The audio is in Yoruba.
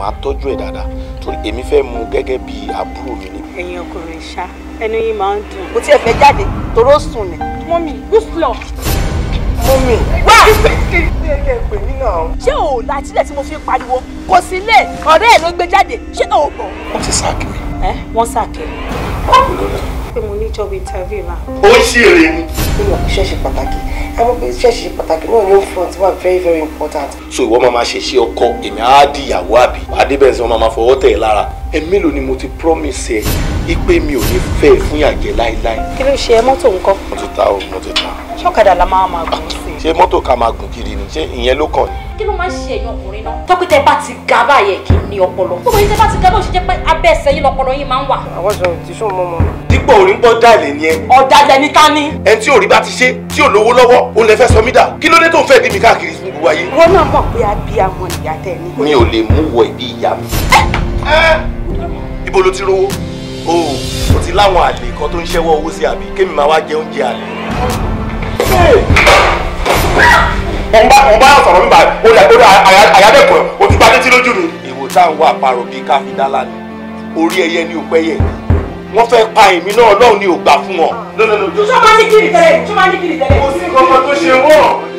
màá tọ́jú ẹ̀ dáadáa torí èmi fẹ́ mu gẹ́gẹ́ bí àbúrò mi ni. ẹ̀yin ọkùnrin ṣá ẹnu yìí máa ń dùn. mo tiẹ̀ fẹ́ jáde toró sùn ni. mọ́mí gúúsùlọ̀. mọ́mí wá. ṣé o ò látílẹ̀ tí mo fi pariwo kò sí ilé ọ̀rẹ́ ẹ̀ ló gbé jáde ṣé o ò bọ̀. wọ́n ti sáàkì mi. ẹ wọ́n sáàkì mi. báwo ló lọ. pé mo ní jọ́bù interview náà. ó ṣèrè ni. ó yọ ṣẹ́ṣe pàtàkì àwọn pé ṣẹ́ẹ̀ṣì pàtàkì náà ní front one very very important. so ìwọ máa ma ṣèṣe ọkọ èmi á di ìyàwó àbí adébẹ̀nsẹ̀ máa ma fọwọ́ tẹ̀ lára ẹ mélòó ni mo ti promise ẹ ipe mi ò ní fẹ́ fún ìyàjẹ́ láéláé. kí ló ṣe ẹ mọ́tò nǹkan. mo ti ta o mo ti ta. ṣọ́kadà la máa ma gùn sí ṣé mọ́tò ká máa gùn kiri ni ṣé ìyẹn ló kàn ni. kí ló máa ń ṣe ẹ̀yin ọkùnrin náà tọ́pẹ́ tẹ bá ti ga báyẹn kí ni ọpọlọ. tó bẹ́ẹ̀ tẹ bá ti ga náà ṣe jẹ́ pé abẹ́ ẹsẹ̀ yín lọpọlọ yín máa ń wà. àwọn sọ ti sún mọ́ mọ́. dípò orí ń bọ́ dáìlẹ̀ ni ẹ. ọ̀dàlẹ̀ ni ká ní. ẹni tí òrí bá ti ṣe tí ò lówó lọ́wọ́ òun lè fẹ́ sọ mí dà kí ló dé tó ń fẹ́ dí káàkiri gbogbo ayé. wọn náà mọ̀ òun bá òun bá yàn sọ̀rọ̀ nígbà ó àyàdẹ̀kọ̀ ojú bá létí lójú mi. èwo tá à ń wá àparò bíi káfíńdálà ni orí ẹyẹ ni ò pẹ́yẹ wọ́n fẹ́ pa èmi náà ọlọ́run ni ò gbà fún wọn. sọ ma ní kiri tẹ́lẹ̀ sọ ma ní kiri tẹ́lẹ̀. kò sí kankan tó ṣe wọ́n.